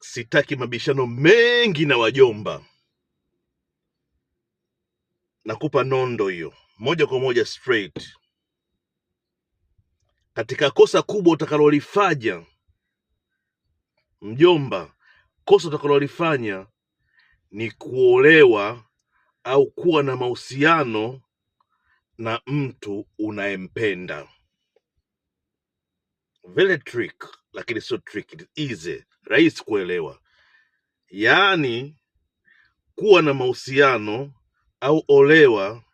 sitaki mabishano mengi na wajomba. Nakupa nondo hiyo moja kwa moja straight. Katika kosa kubwa utakalolifanya mjomba, kosa utakalolifanya ni kuolewa au kuwa na mahusiano na mtu unayempenda. Very trick, lakini sio trick, it is easy rahisi kuelewa, yaani kuwa na mahusiano au olewa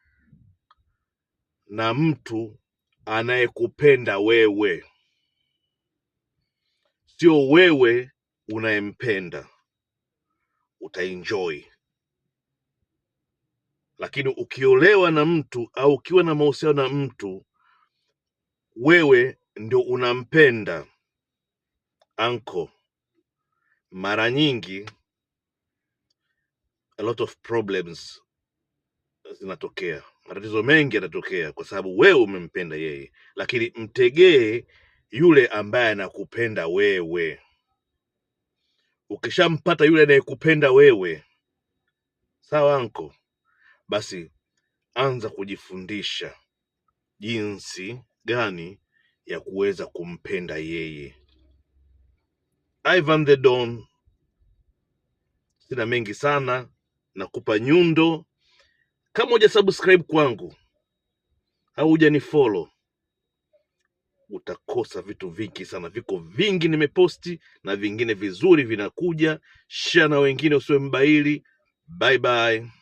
na mtu anayekupenda wewe, sio wewe unayempenda. Utaenjoy, lakini ukiolewa na mtu au ukiwa na mahusiano na mtu wewe ndio unampenda anko mara nyingi a lot of problems zinatokea, matatizo mengi yanatokea kwa sababu wewe umempenda yeye, lakini mtegee yule ambaye anakupenda wewe. Ukishampata yule anayekupenda wewe, sawa anko, basi anza kujifundisha jinsi gani ya kuweza kumpenda yeye. Ivan the Don. Sina mengi sana, nakupa nyundo. Kama uja subscribe kwangu au uja ni follow, utakosa vitu vingi sana. Viko vingi nimeposti na vingine vizuri vinakuja. Share na wengine, usiwe mbaili. Bye bye.